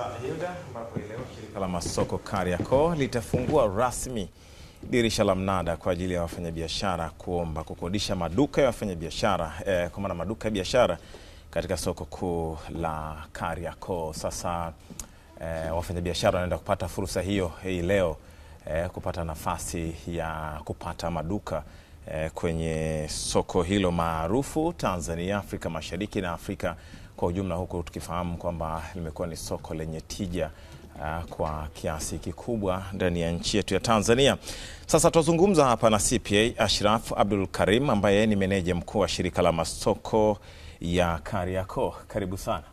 Profesa Hilda, ambapo leo shirika la masoko Kariakoo litafungua rasmi dirisha la mnada kwa ajili ya wafanyabiashara kuomba kukodisha maduka ya wafanyabiashara eh, kwa maana maduka ya biashara katika soko kuu la Kariakoo. Sasa eh, wafanyabiashara wanaenda kupata fursa hiyo hii leo eh, kupata nafasi ya kupata maduka eh, kwenye soko hilo maarufu Tanzania, Afrika Mashariki na Afrika kwa ujumla, huku tukifahamu kwamba limekuwa ni soko lenye tija ah, kwa kiasi kikubwa ndani ya nchi yetu ya Tanzania. Sasa tuzungumza hapa na CPA Ashraf Abdul Karim ambaye ni meneja mkuu wa shirika la masoko ya Kariakoo. Karibu sana.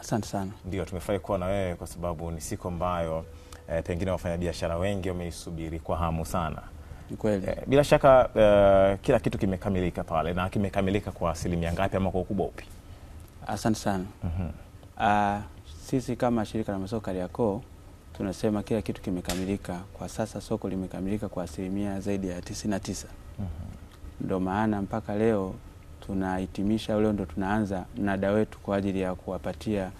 Asante sana. Ndio, tumefurahi kuwa na wewe kwa sababu ni siku ambayo e, pengine wafanyabiashara wengi wameisubiri kwa hamu sana. Ni kweli. E, bila shaka e, kila kitu kimekamilika pale na kimekamilika kwa asilimia ngapi ama kwa ukubwa upi? Asante sana. Uh, sisi kama shirika la masoko Kariakoo tunasema kila kitu kimekamilika kwa sasa, soko limekamilika kwa asilimia zaidi ya tisini na tisa. mm Ndio maana mpaka leo tunahitimisha leo ndo tunaanza mnada wetu kwa ajili ya kuwapatia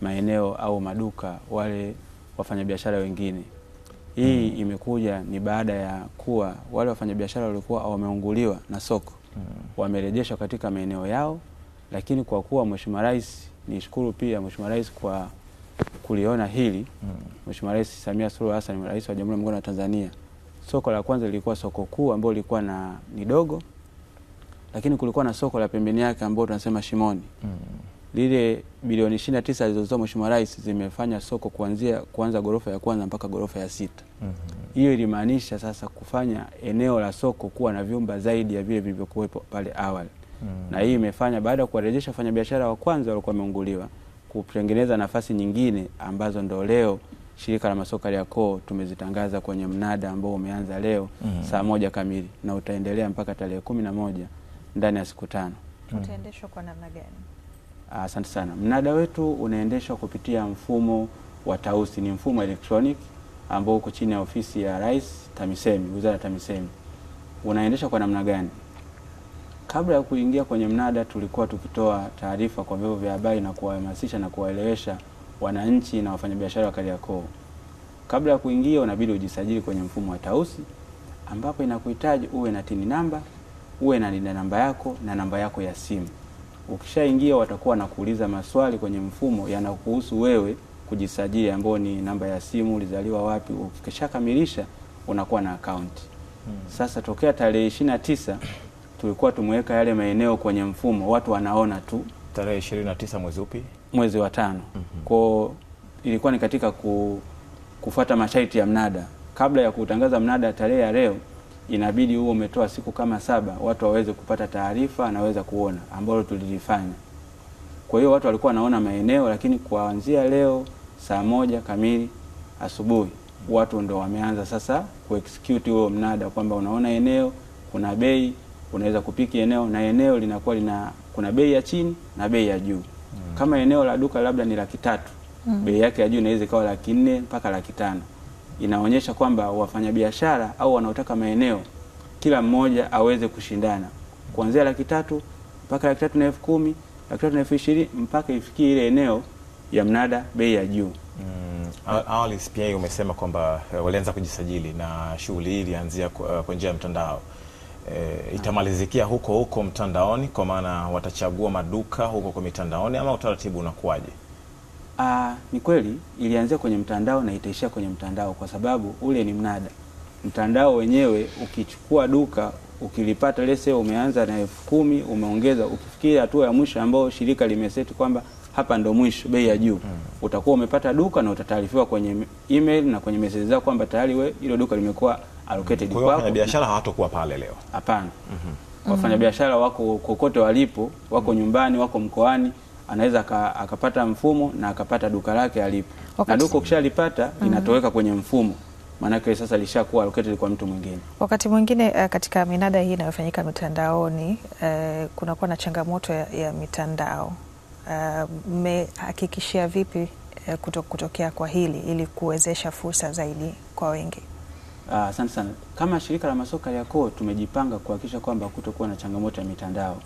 maeneo au maduka wale wafanyabiashara wengine. Hii mm imekuja ni baada ya kuwa wale wafanyabiashara walikuwa wameunguliwa na soko mm wamerejeshwa katika maeneo yao lakini kwa kuwa Mheshimiwa Rais, nishukuru pia Mheshimiwa Rais kwa kuliona hili mm. Mheshimiwa mm. Rais Samia Suluhu Hassan, Rais wa Jamhuri ya Muungano wa Tanzania, soko la kwanza lilikuwa soko kuu ambalo lilikuwa na ni dogo, lakini kulikuwa na soko la pembeni yake ambalo tunasema Shimoni mm. lile bilioni ishirini na tisa alizotoa Mheshimiwa Rais zimefanya soko kuanzia kuanza gorofa ya kwanza mpaka gorofa ya sita. Mm-hmm. Hiyo mm. -hmm. ilimaanisha sasa kufanya eneo la soko kuwa na vyumba zaidi ya vile vilivyokuwepo pale awali. Mm. na hii imefanya baada ya kuwarejesha wafanyabiashara wa kwanza walikuwa wameunguliwa kutengeneza nafasi nyingine ambazo ndo leo shirika la masoko koo tumezitangaza kwenye mnada ambao umeanza leo mm. saa moja kamili na utaendelea mpaka tarehe kumi na moja ndani ya siku tano. Mm. Utaendeshwa kwa namna gani? Asante sana. Mnada wetu unaendeshwa kupitia mfumo wa Tausi, ni mfumo electronic ambao uko chini ya ofisi ya Rais TAMISEMI, Wizara ya TAMISEMI. Unaendeshwa kwa namna gani? Kabla ya kuingia kwenye mnada, tulikuwa tukitoa taarifa kwa vyombo vya habari na kuwahamasisha na kuwaelewesha wananchi na wafanyabiashara wa Kariakoo. Kabla ya kuingia, unabidi ujisajili kwenye mfumo wa Tausi, ambapo inakuhitaji uwe na tini namba, uwe na NIDA namba yako na namba yako ya simu. Ukishaingia watakuwa wanakuuliza maswali kwenye mfumo yanakuhusu wewe kujisajili, ambao ni namba ya simu, ulizaliwa wapi. Ukishakamilisha unakuwa na akaunti. Hmm. Sasa tokea tarehe ishirini na tisa tulikuwa tumeweka yale maeneo kwenye mfumo, watu wanaona tu. Tarehe 29 mwezi upi? Mwezi wa tano. mm -hmm. Kwao ilikuwa ni katika ku, kufuata masharti ya mnada. Kabla ya kutangaza mnada tarehe ya leo, inabidi huo umetoa siku kama saba watu waweze kupata taarifa, anaweza kuona ambalo tulilifanya. Kwa hiyo watu walikuwa wanaona maeneo, lakini kuanzia leo saa moja kamili asubuhi watu ndo wameanza sasa kuexecute huo mnada kwamba unaona eneo kuna bei unaweza kupiki eneo na eneo linakuwa lina kuna bei ya chini na bei ya juu mm. Kama eneo la duka labda ni laki tatu mm. bei yake ya juu inaweza ikawa laki nne mpaka laki tano. Inaonyesha kwamba wafanyabiashara au wanaotaka maeneo kila mmoja aweze kushindana kuanzia laki tatu mpaka laki tatu na elfu kumi laki tatu na elfu ishirini mpaka ifikie ile eneo ya mnada bei ya juu. Mm. Awali pia umesema kwamba eh, walianza kujisajili na shughuli hii ilianzia kwa eh, njia ya mtandao e, itamalizikia huko huko mtandaoni, kwa maana watachagua maduka huko kwa mitandaoni, ama utaratibu unakuwaje? Ah, ni kweli ilianzia kwenye mtandao na itaishia kwenye mtandao, kwa sababu ule ni mnada. Mtandao wenyewe ukichukua duka ukilipata lese, umeanza na elfu kumi umeongeza, ukifikia hatua ya mwisho ambayo shirika limeseti kwamba hapa ndo mwisho, bei ya juu hmm, utakuwa umepata duka na utataarifiwa kwenye email na kwenye meseji zao kwamba tayari we hilo duka limekuwa allocated kwao. Wafanyabiashara hawatakuwa pale leo, hapana. mm -hmm. Wafanyabiashara wako kokote walipo, wako mm -hmm. nyumbani, wako mkoani, anaweza akapata mfumo na akapata duka lake alipo, na duka ukishalipata mm -hmm. inatoweka kwenye mfumo maanake sasa lishakuwa allocated kwa mtu mwingine. Wakati mwingine uh, katika minada hii inayofanyika mitandaoni uh, kunakuwa na changamoto ya, ya mitandao eh, mmehakikishia uh, vipi uh, kuto, kutokea kwa hili ili kuwezesha fursa zaidi kwa wengi? Ah, asante uh, sana. Kama shirika la masoka koo tumejipanga kuhakikisha kwamba kutokuwa na changamoto ya mitandao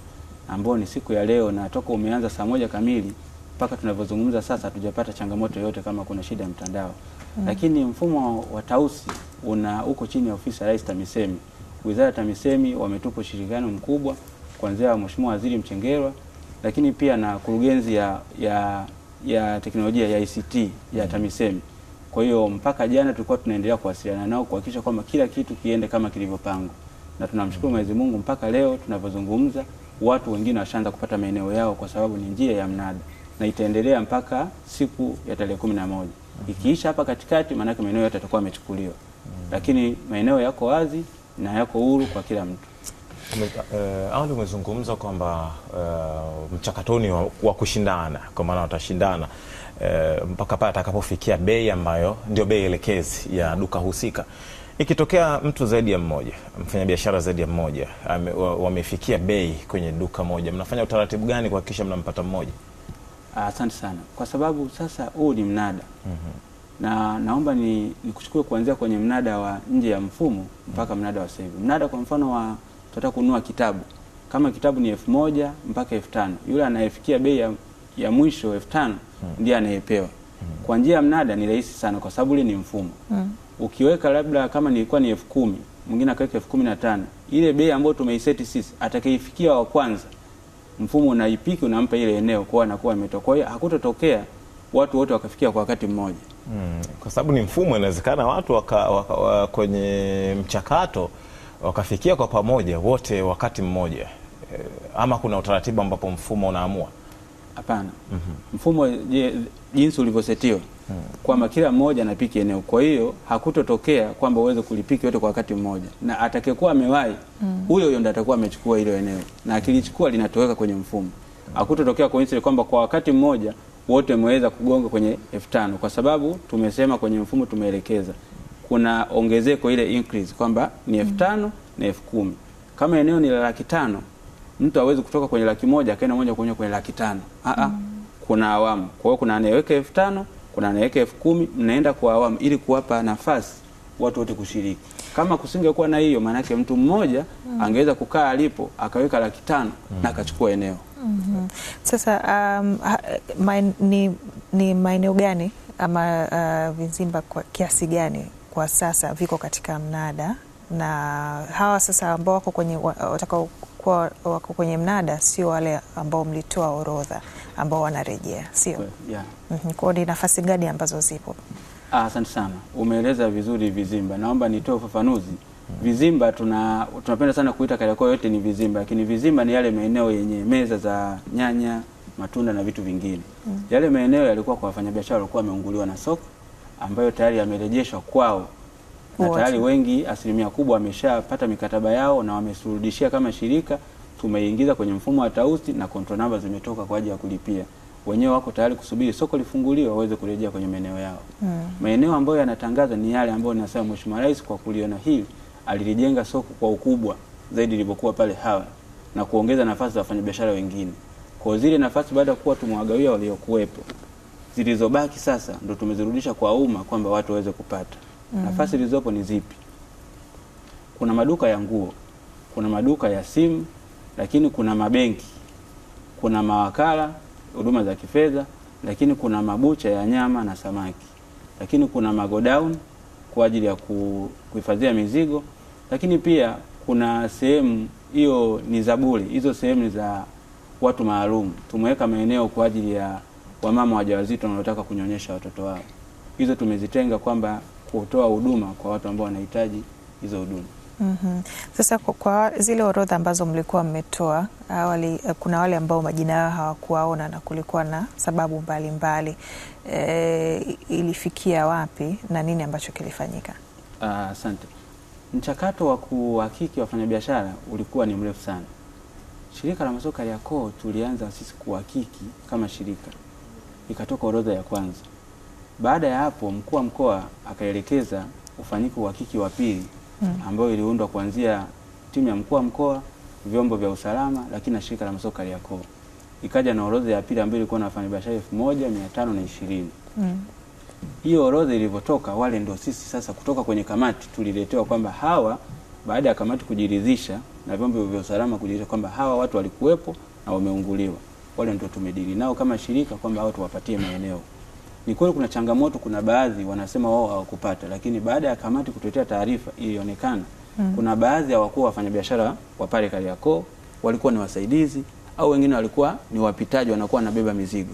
ambao ni siku ya leo na toka umeanza saa moja kamili mpaka tunavyozungumza sasa hatujapata changamoto yoyote kama kuna shida ya mtandao. Mm. Lakini mfumo wa Tausi una uko chini ya ofisi ya Rais TAMISEMI. Wizara ya TAMISEMI wametupa ushirikiano mkubwa kuanzia Mheshimiwa Waziri Mchengerwa lakini pia na kurugenzi ya, ya, ya teknolojia ya ICT ya mm. TAMISEMI kwa hiyo mpaka jana tulikuwa tunaendelea kuwasiliana nao kuhakikisha kwamba kila kitu kiende kama kilivyopangwa, na tunamshukuru Mwenyezi Mungu mpaka leo tunavyozungumza, watu wengine washaanza kupata maeneo yao kwa sababu ni njia ya mnada na itaendelea mpaka siku ya tarehe kumi na moja ikiisha hapa katikati, maanake maeneo yote yatakuwa yamechukuliwa, lakini maeneo yako wazi na yako huru kwa kila mtu. Uh, awali umezungumza kwamba uh, mchakatoni wa, wa kushindana kwa maana watashindana Eh, mpaka pale atakapofikia bei ambayo ndio bei elekezi ya duka husika. Ikitokea mtu zaidi ya mmoja, mfanyabiashara zaidi ya mmoja wamefikia bei kwenye duka moja, mnafanya utaratibu gani kuhakikisha mnampata mmoja? Asante ah, sana kwa sababu sasa huu ni mnada mm -hmm. na naomba ni nikuchukue kuanzia kwenye mnada wa nje ya mfumo mpaka mm -hmm. mnada wa sasa hivi. Mnada kwa mfano wa tunataka kununua kitabu, kama kitabu ni elfu moja mpaka elfu tano yule anayefikia bei ya, ya mwisho elfu tano Hmm. ndiye anayepewa. Hmm. Kwa njia ya mnada ni rahisi sana, kwa sababu ile ni mfumo. Hmm. Ukiweka labda kama nilikuwa ni elfu kumi mwingine akaweka elfu kumi na tano ile bei ambayo tumeiseti sisi, atakayefikia wa kwanza, mfumo unaipiki unampa ile eneo, kwa anakuwa ametoka. Kwa hiyo hakutotokea watu wote wakafikia kwa wakati mmoja. mm. Kwa sababu ni mfumo, inawezekana watu waka, waka, waka, kwenye mchakato wakafikia kwa pamoja wote wakati mmoja, eh, ama kuna utaratibu ambapo mfumo unaamua Hapana. mm -hmm. Mfumo je, jinsi ulivyosetiwa mm -hmm. kwamba kila mmoja anapiki eneo, kwa hiyo hakutotokea kwamba uweze kulipiki yote kwa wakati mmoja, na atakayekuwa amewahi mm. huyo huyo ndo atakuwa amechukua hilo eneo, na akilichukua linatoweka kwenye mfumo. Hakutotokea coincidence kwamba kwa wakati mmoja wote wameweza kugonga kwenye elfu tano kwa sababu tumesema kwenye mfumo tumeelekeza kuna ongezeko ile increase kwamba ni elfu tano na elfu kumi kama eneo ni la laki tano mtu hawezi kutoka kwenye laki moja akaenda moja kwa moja kwenye laki tano ah Mm. Kuna awamu, kwa hiyo kuna anayeweka elfu tano kuna anayeweka elfu kumi mnaenda kwa awamu ili kuwapa nafasi watu wote kushiriki. Kama kusingekuwa na hiyo, maanake mtu mmoja mm. angeweza kukaa alipo akaweka laki tano mm. na akachukua eneo mm -hmm. Sasa um, ha, main, ni, ni maeneo gani ama uh, vizimba kwa kiasi gani kwa sasa viko katika mnada na hawa sasa ambao wako kwenye watakao walikuwa wako kwenye mnada sio wale ambao mlitoa orodha ambao wanarejea, sio? Eh, yeah. Mm -hmm. Kwao ni nafasi gani ambazo zipo? Ah, asante ah, sana, umeeleza vizuri vizimba. Naomba nitoe ufafanuzi. Vizimba tuna tunapenda sana kuita Kariakoo yote ni vizimba, lakini vizimba ni yale maeneo yenye meza za nyanya, matunda na vitu vingine. Mm. Yale maeneo yalikuwa kwa wafanyabiashara walikuwa wameunguliwa na soko ambayo tayari yamerejeshwa kwao na tayari wengi, asilimia kubwa wameshapata mikataba yao na wamesurudishia kama shirika, tumeingiza kwenye mfumo wa tausi na control number zimetoka kwa ajili ya kulipia. Wenyewe wako tayari kusubiri soko lifunguliwe waweze kurejea kwenye maeneo yao. Mm. Maeneo ambayo yanatangaza ni yale ambayo ninasema Mheshimiwa Rais kwa kuliona hili alilijenga soko kwa ukubwa zaidi lilivyokuwa pale Hawa na kuongeza nafasi za wafanyabiashara wengine. Kwa zile nafasi baada ya kuwa tumewagawia waliokuwepo, zilizobaki sasa ndo tumezirudisha kwa umma kwamba watu waweze kupata mm. nafasi zilizopo ni zipi? Kuna maduka ya nguo, kuna maduka ya simu, lakini kuna mabenki, kuna mawakala huduma za kifedha, lakini kuna mabucha ya nyama na samaki, lakini kuna magodown kwa ajili ya kuhifadhia mizigo, lakini pia kuna sehemu hiyo ni zaburi. Hizo sehemu ni za watu maalum, tumeweka maeneo kwa ajili ya wamama wajawazito wanaotaka kunyonyesha watoto wao. Hizo tumezitenga kwamba kutoa huduma kwa watu ambao wanahitaji hizo huduma. Mm -hmm. Sasa kwa, kwa zile orodha ambazo mlikuwa mmetoa awali, eh, kuna wale ambao majina yao hawakuwaona na kulikuwa na sababu mbalimbali mbali. Eh, e, ilifikia wapi na nini ambacho kilifanyika? Ah, asante. Uh, mchakato wa kuhakiki wafanyabiashara ulikuwa ni mrefu sana. Shirika la masoko Kariakoo tulianza sisi kuhakiki kama shirika, ikatoka orodha ya kwanza baada ya hapo, mkuu wa mkoa akaelekeza ufanyike uhakiki wa pili mm. ambayo iliundwa kuanzia timu ya mkuu wa mkoa, vyombo vya usalama, lakini na shirika la masoko Kariakoo. Ikaja na orodha ya pili ambayo ilikuwa na wafanyabiashara elfu moja mia tano na ishirini. Hmm. Hiyo orodha ilivyotoka, wale ndio sisi sasa kutoka kwenye kamati tuliletewa kwamba hawa, baada ya kamati kujiridhisha na vyombo vya usalama kujiridhisha kwamba hawa watu walikuwepo na wameunguliwa, wale ndio tumedili nao kama shirika kwamba hao tuwapatie maeneo. Ni kweli kuna changamoto, kuna baadhi wanasema wao hawakupata, lakini baada ya kamati kutetea taarifa ilionekana mm. kuna baadhi ya wakuu wafanyabiashara wa pale Kariakoo walikuwa ni wasaidizi au wengine walikuwa ni wapitaji, wanakuwa wanabeba mizigo.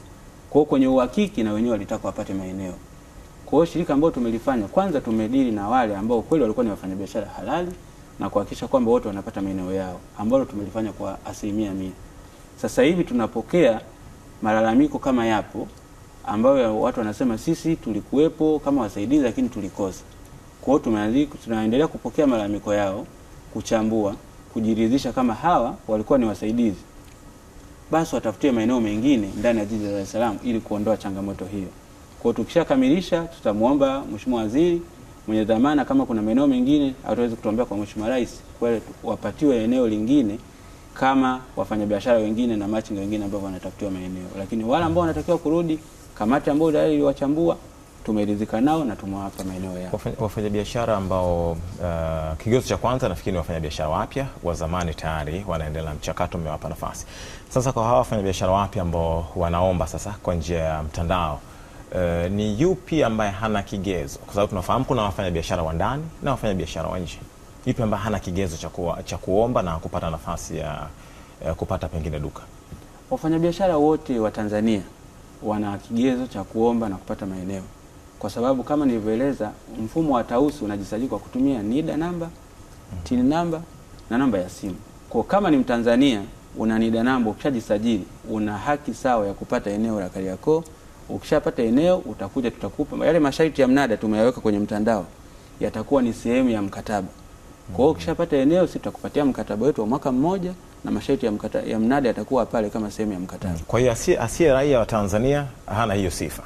Kwa hiyo kwenye uhakiki na wenyewe walitaka wapate maeneo. Kwa hiyo shirika ambayo tumelifanya kwanza, tumedili na wale ambao kweli walikuwa ni wafanyabiashara halali na kuhakikisha kwamba wote wanapata maeneo yao, ambalo tumelifanya kwa asilimia mia. Sasa hivi tunapokea malalamiko kama yapo ambayo watu wanasema sisi tulikuwepo kama wasaidizi, lakini tulikosa. Kwa hiyo tunaendelea kupokea malalamiko yao, kuchambua, kujiridhisha kama hawa walikuwa ni wasaidizi, basi watafutie maeneo mengine ndani ya jiji la Dar es Salaam ili kuondoa changamoto hiyo. Kwa hiyo tukishakamilisha, tutamwomba mheshimiwa waziri mwenye dhamana kama kuna maeneo mengine ataweza kutuambia kwa mheshimiwa rais, kwale wapatiwe eneo lingine kama wafanyabiashara wengine na machinga wengine ambao wanatafutiwa maeneo, lakini wale ambao wanatakiwa kurudi kamati ambayo tayari iliwachambua tumeridhika nao na tumewapa maeneo yao. Wafanyabiashara ambao uh, kigezo cha kwanza nafikiri ni wafanyabiashara wapya, wa zamani tayari wanaendelea na mchakato, mmewapa nafasi. Sasa kwa hawa wafanyabiashara wapya ambao wanaomba sasa kwa njia ya mtandao uh, ni yupi ambaye hana kigezo? Kwa sababu tunafahamu kuna wafanyabiashara wa ndani na wafanyabiashara wa nje. Yupi ambaye hana kigezo cha kuwa, cha kuomba na kupata nafasi ya, ya kupata pengine duka? Wafanyabiashara wote wa Tanzania wana kigezo cha kuomba na kupata maeneo, kwa sababu kama nilivyoeleza, mfumo wa Tausi unajisajili kwa kutumia NIDA namba, mm-hmm. TIN namba na namba ya simu. Kwa kama ni Mtanzania una NIDA namba, ukishajisajili una haki sawa ya kupata eneo la Kariakoo. Ukishapata eneo utakuja, tutakupa yale masharti ya mnada, tumeyaweka kwenye mtandao, yatakuwa ni sehemu ya mkataba. Kwa hiyo mm-hmm. ukishapata eneo, sisi tutakupatia mkataba wetu wa mwaka mmoja na masharti ya, ya mnada yatakuwa pale kama sehemu ya mkataba. Kwa hiyo asiye raia wa Tanzania hana hiyo sifa.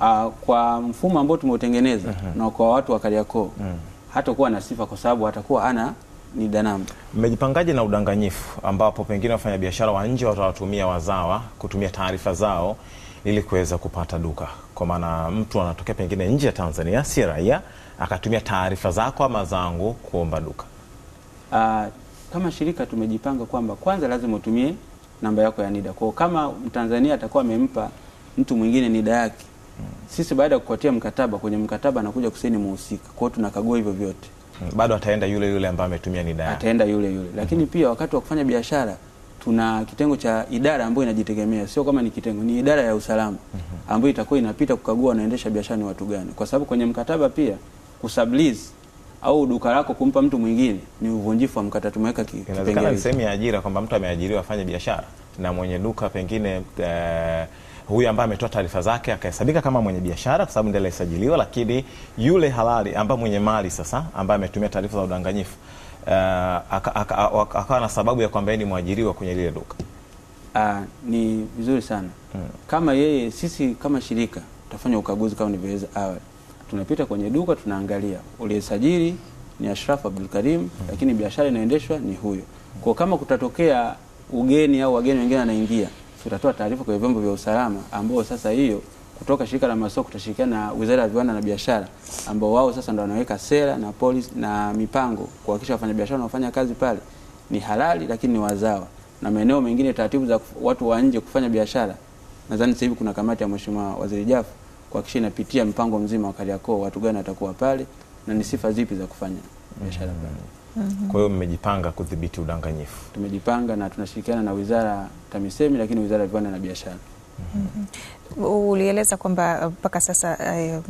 Uh, kwa mfumo ambao tumeutengeneza uh mhm. -huh. na kwa watu wa Kariakoo uh mhm. -huh. hatakuwa na sifa kwa sababu atakuwa ana ni danamba. Mmejipangaje na udanganyifu ambapo pengine wafanyabiashara wa nje watawatumia wazawa kutumia taarifa zao ili kuweza kupata duka? Kwa maana mtu anatokea pengine nje ya Tanzania, si raia, akatumia taarifa zako ama zangu kuomba duka. Uh, kama shirika tumejipanga kwamba kwanza lazima utumie namba yako ya NIDA. Kwa kama Mtanzania atakuwa amempa mtu mwingine NIDA yake, sisi baada ya kukupatia mkataba, kwenye mkataba anakuja kusaini muhusika. Kwa hiyo tunakagua hivyo vyote. Bado ataenda yule yule ambaye ametumia NIDA yake. Ataenda yule yule. Lakini mm -hmm. pia wakati wa kufanya biashara tuna kitengo cha idara ambayo inajitegemea, sio kama ni kitengo, ni idara ya usalama mhm. ambayo itakuwa inapita kukagua wanaendesha biashara ni watu gani, kwa sababu kwenye mkataba pia kusublease au duka lako kumpa mtu mwingine ni uvunjifu wa mkataba. Tumeweka kipengele ni sehemu ya ajira kwamba mtu ameajiriwa afanye biashara na mwenye duka pengine uh, huyu ambaye ametoa taarifa zake akahesabika kama mwenye biashara kwa sababu ndiye alisajiliwa, lakini yule halali ambaye mwenye mali sasa ambaye ametumia taarifa za udanganyifu Uh, akawa na sababu ya kwamba yeye ni mwajiriwa kwenye lile duka. Uh, ni vizuri sana hmm. Kama yeye sisi kama shirika tutafanya ukaguzi kama nilivyoeleza awali, tunapita kwenye duka tunaangalia uliyesajili ni Ashraf Abdul Karim mm. lakini biashara inaendeshwa ni huyo. Kwa kama kutatokea ugeni au wageni wengine wanaingia, tutatoa taarifa kwa vyombo vya usalama ambao sasa hiyo kutoka shirika la masoko kutashirikiana na Wizara ya Viwanda na Biashara ambao wao sasa ndo wanaweka sera na polisi na mipango kuhakikisha wafanyabiashara wanaofanya kazi pale ni halali lakini ni wazawa. Na maeneo mengine taratibu za watu wa nje kufanya biashara, nadhani sasa hivi kuna kamati ya Mheshimiwa Waziri Jafu kuhakikisha inapitia mpango mzima wa Kariakoo, watu gani watakuwa pale na ni sifa zipi za kufanya biashara mm -hmm. pale. Kwa hiyo mmejipanga kudhibiti udanganyifu? Tumejipanga na tunashirikiana na wizara TAMISEMI, lakini wizara ya viwanda na biashara. mm -hmm. Ulieleza kwamba uh, mpaka sasa eh,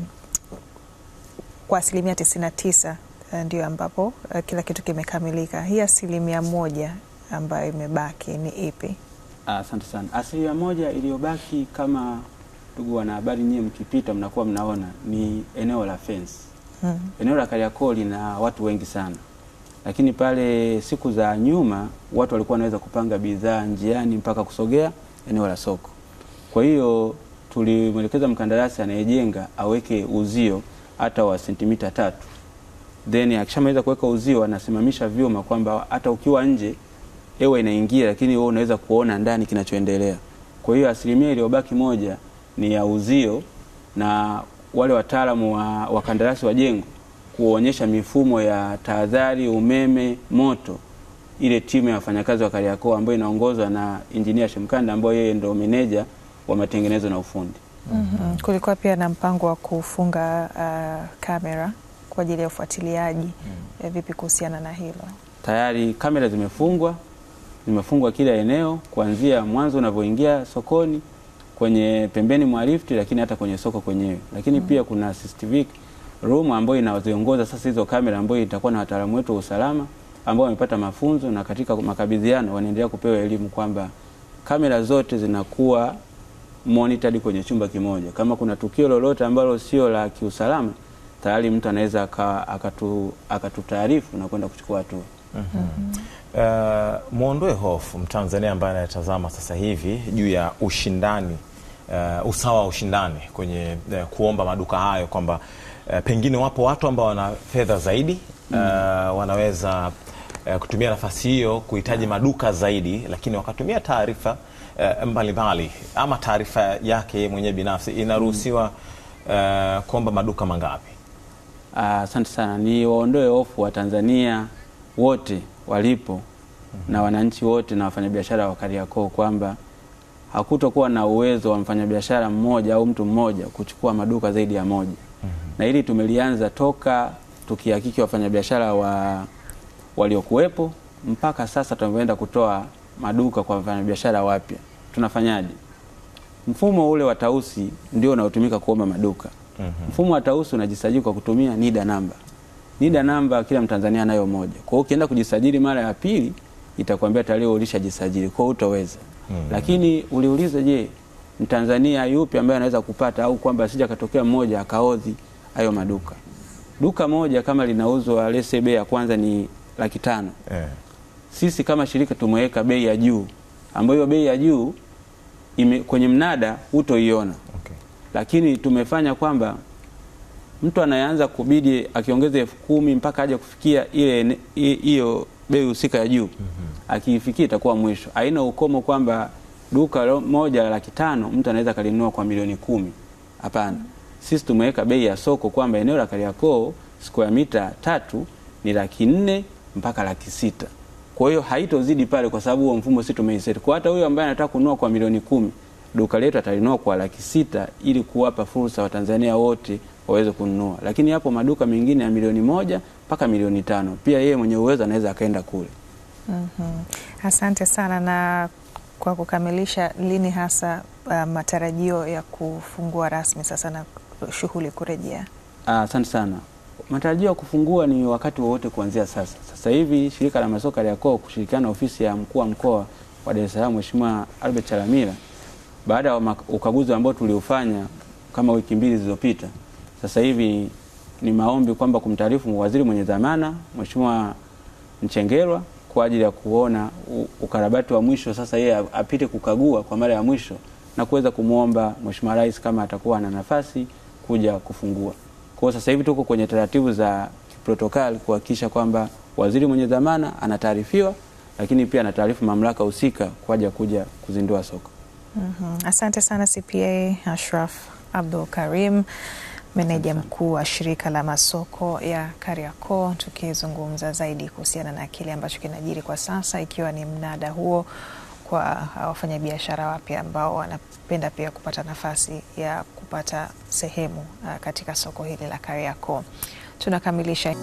kwa asilimia tisini na tisa uh, ndio ambapo kila kitu kimekamilika. Hii asilimia moja ambayo imebaki ni ipi? Asante sana. Asilimia moja iliyobaki kama ndugu wanahabari, nyie mkipita mnakuwa mnaona ni eneo la fence mm. Eneo la Kariakoo lina watu wengi sana, lakini pale siku za nyuma watu walikuwa wanaweza kupanga bidhaa njiani mpaka kusogea eneo la soko. Kwa hiyo tulimwelekeza mkandarasi anayejenga aweke uzio hata wa sentimita tatu, then akishamaliza kuweka uzio anasimamisha vyuma kwamba hata ukiwa nje hewa inaingia, lakini wewe unaweza kuona ndani kinachoendelea. Kwa hiyo asilimia iliyobaki moja ni ya uzio na wale wataalamu wa wakandarasi wa jengo kuonyesha mifumo ya tahadhari, umeme, moto, ile timu ya wafanyakazi wa Kariakoo ambayo inaongozwa na injinia Shemkanda ambayo yeye ndio meneja wa matengenezo na ufundi. Mm -hmm. Kulikuwa pia na mpango wa kufunga uh, kamera kwa ajili ya ufuatiliaji. Mm -hmm. vipi kuhusiana na hilo? Tayari kamera zimefungwa, zimefungwa kila eneo kuanzia mwanzo unavyoingia sokoni kwenye pembeni mwa lift, lakini hata kwenye soko kwenyewe, lakini mm. pia kuna CCTV room ambayo inaziongoza sasa hizo kamera, ambayo itakuwa na wataalamu wetu wa usalama ambao wamepata mafunzo na katika makabidhiano wanaendelea kupewa elimu kwamba kamera zote zinakuwa monitored kwenye chumba kimoja. Kama kuna tukio lolote ambalo sio la kiusalama, tayari mtu anaweza akatu, akatutaarifu na kwenda kuchukua hatua. mm -hmm. Uh, muondoe hofu Mtanzania ambaye anatazama sasa hivi juu ya ushindani uh, usawa wa ushindani kwenye uh, kuomba maduka hayo kwamba uh, pengine wapo watu ambao wana fedha zaidi uh, wanaweza uh, kutumia nafasi hiyo kuhitaji maduka zaidi, lakini wakatumia taarifa uh, mbalimbali ama taarifa yake mwenyewe binafsi. Inaruhusiwa uh, kuomba maduka mangapi? Ah, asante uh, sana. Ni waondoe hofu wa Tanzania wote walipo, mm -hmm. na wananchi wote na wafanyabiashara wa Kariakoo kwamba hakutokuwa na uwezo wa mfanyabiashara mmoja au mtu mmoja kuchukua maduka zaidi ya moja mm -hmm. na hili tumelianza toka tukihakiki wafanyabiashara wa waliokuwepo mpaka sasa tunavyoenda kutoa maduka kwa wafanyabiashara wapya. Tunafanyaje? Mfumo ule wa tausi ndio unaotumika kuomba maduka mm -hmm. mfumo wa tausi unajisajili kwa kutumia NIDA namba. NIDA namba kila Mtanzania anayo moja. Kwa hiyo ukienda kujisajili mara ya pili itakwambia tarehe ulishajisajili, kwa hiyo utaweza. mm mm. Lakini uliuliza je, Mtanzania yupi ambaye anaweza kupata au kwamba sija katokea mmoja akaodhi hayo maduka. Duka moja kama linauzwa lese bei ya kwanza ni laki tano eh. Sisi kama shirika tumeweka bei ya juu ambayo bei ya juu ime, kwenye mnada hutoiona okay. Lakini tumefanya kwamba mtu anayeanza kubidi akiongeza elfu kumi mpaka aje kufikia ile hiyo bei husika ya juu mm -hmm akiifikia itakuwa mwisho. Haina ukomo kwamba duka moja la laki tano mtu anaweza kalinunua kwa milioni kumi. Hapana, sisi tumeweka bei ya soko kwamba eneo la Kariakoo square mita tatu ni laki nne mpaka laki sita. Kwa hiyo haitozidi pale, kwa sababu huo mfumo sisi tumeiseti. Kwa hata huyo ambaye anataka kununua kwa milioni kumi duka letu atalinua kwa laki sita ili kuwapa fursa Watanzania wote waweze kununua, lakini yapo maduka mengine ya milioni moja mpaka milioni tano. Pia yeye mwenye uwezo anaweza akaenda kule. Mm -hmm. Asante sana na kwa kukamilisha, lini hasa uh, matarajio ya kufungua rasmi sasa na shughuli kurejea? Ah, asante sana. Matarajio ya kufungua ni wakati wowote kuanzia sasa. Sasa hivi shirika la masoka Kariakoo kushirikiana na ofisi ya mkuu wa mkoa wa Dar es Salaam Mheshimiwa Albert Chalamila, baada ya ukaguzi ambao tuliofanya kama wiki mbili zilizopita, sasa hivi ni maombi kwamba kumtaarifu waziri mwenye dhamana Mheshimiwa Mchengerwa kwa ajili ya kuona ukarabati wa mwisho. Sasa yeye apite kukagua kwa mara ya mwisho na kuweza kumwomba Mheshimiwa Rais kama atakuwa na nafasi kuja kufungua. Kwa hiyo sasa hivi tuko kwenye taratibu za protokali kuhakikisha kwamba waziri mwenye dhamana anataarifiwa, lakini pia anataarifu mamlaka husika kwa ajili ya kuja kuzindua soko. Mm -hmm. Asante sana CPA Ashraf Abdul Karim meneja mkuu wa shirika la masoko ya Kariakoo, tukizungumza zaidi kuhusiana na kile ambacho kinajiri kwa sasa, ikiwa ni mnada huo kwa wafanyabiashara wapya ambao wanapenda pia kupata nafasi ya kupata sehemu uh, katika soko hili la Kariakoo. Tunakamilisha